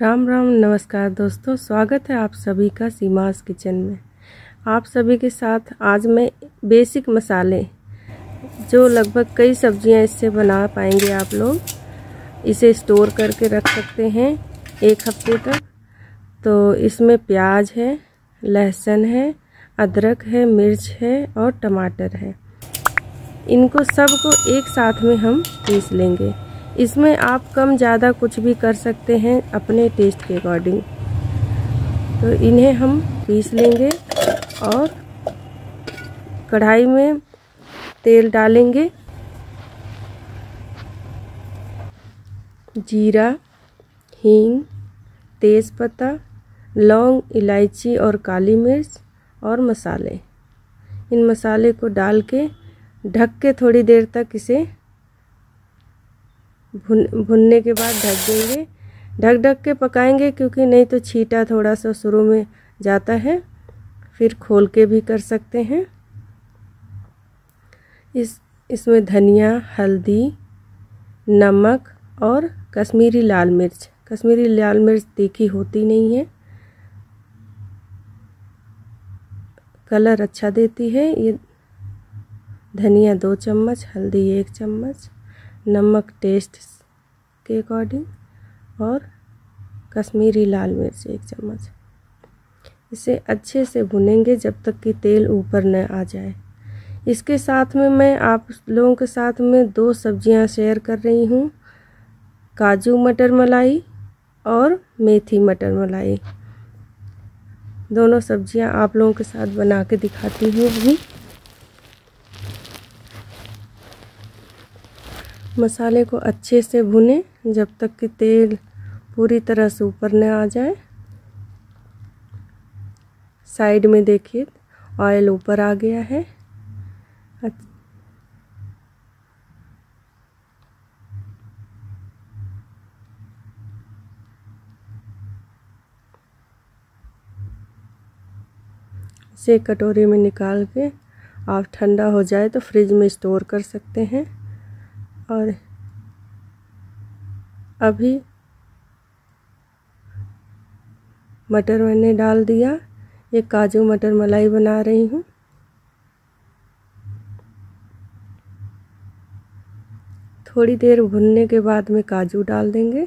राम राम नमस्कार दोस्तों स्वागत है आप सभी का सीमास किचन में आप सभी के साथ आज मैं बेसिक मसाले जो लगभग कई सब्जियां इससे बना पाएंगे आप लोग इसे स्टोर करके रख सकते हैं एक हफ्ते तक तो इसमें प्याज है लहसुन है अदरक है मिर्च है और टमाटर है इनको सबको एक साथ में हम पीस लेंगे इसमें आप कम ज़्यादा कुछ भी कर सकते हैं अपने टेस्ट के अकॉर्डिंग तो इन्हें हम पीस लेंगे और कढ़ाई में तेल डालेंगे जीरा हींग तेज़पत्ता लौंग इलायची और काली मिर्च और मसाले इन मसाले को डाल के ढक के थोड़ी देर तक इसे भुन भुनने के बाद ढक देंगे ढक ढक के पकाएंगे क्योंकि नहीं तो छीटा थोड़ा सा शुरू में जाता है फिर खोल के भी कर सकते हैं इस इसमें धनिया हल्दी नमक और कश्मीरी लाल मिर्च कश्मीरी लाल मिर्च तीखी होती नहीं है कलर अच्छा देती है ये धनिया दो चम्मच हल्दी एक चम्मच नमक टेस्ट के अकॉर्डिंग और कश्मीरी लाल मिर्च एक चम्मच इसे अच्छे से भुनेंगे जब तक कि तेल ऊपर न आ जाए इसके साथ में मैं आप लोगों के साथ में दो सब्जियां शेयर कर रही हूँ काजू मटर मलाई और मेथी मटर मलाई दोनों सब्जियां आप लोगों के साथ बना के दिखाती हूँ अभी मसाले को अच्छे से भुने जब तक कि तेल पूरी तरह से ऊपर न आ जाए साइड में देखिए ऑयल ऊपर आ गया है इसे कटोरी में निकाल के आप ठंडा हो जाए तो फ्रिज में स्टोर कर सकते हैं और अभी मटर मैंने डाल दिया ये काजू मटर मलाई बना रही हूँ थोड़ी देर भुनने के बाद में काजू डाल देंगे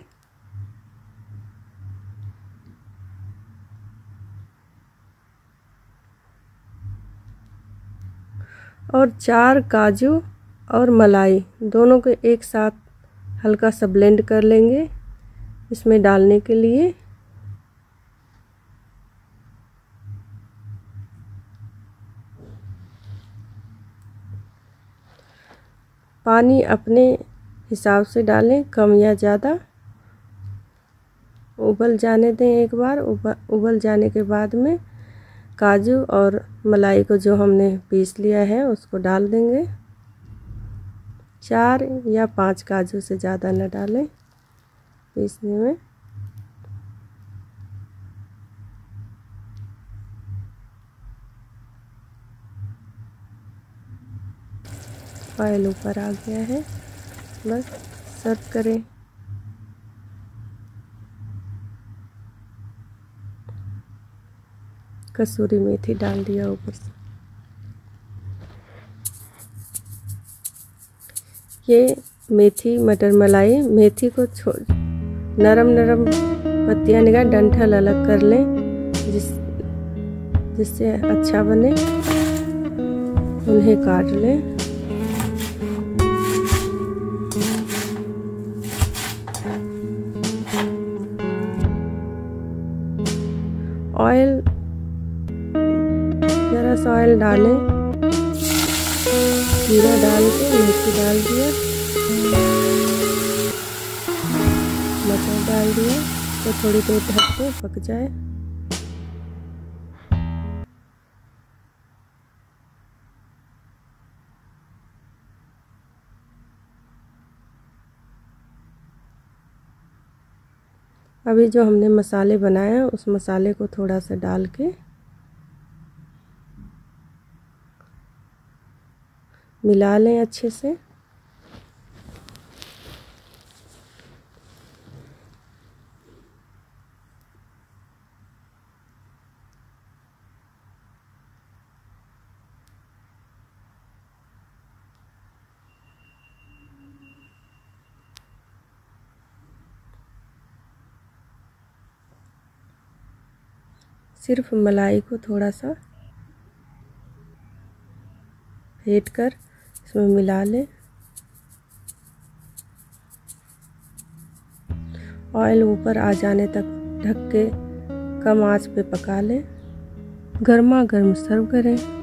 और चार काजू और मलाई दोनों को एक साथ हल्का सा ब्लेंड कर लेंगे इसमें डालने के लिए पानी अपने हिसाब से डालें कम या ज़्यादा उबल जाने दें एक बार उबल जाने के बाद में काजू और मलाई को जो हमने पीस लिया है उसको डाल देंगे चार या पांच काजू से ज़्यादा न डालें इसमें में ऑयल ऊपर आ गया है बस सर्व करें कसूरी मेथी डाल दिया ऊपर से ये मेथी मटर मलाई मेथी को छोड़ नरम नरम पत्तियाँ निकाल डंठल अलग कर लें जिस जिससे अच्छा बने उन्हें काट लें ऑयल ज़रा सा ऑयल डालें जीरा डाल के मिर्ची डाल दिया मटर डाल दिया तो थोड़ी देर ढक के पक जाए अभी जो हमने मसाले बनाए हैं उस मसाले को थोड़ा सा डाल के मिला लें अच्छे से सिर्फ मलाई को थोड़ा सा फेंट कर इसमें मिला लें ऑयल ऊपर आ जाने तक ढक के कम आंच पे पका लें गर्मा गर्म सर्व करें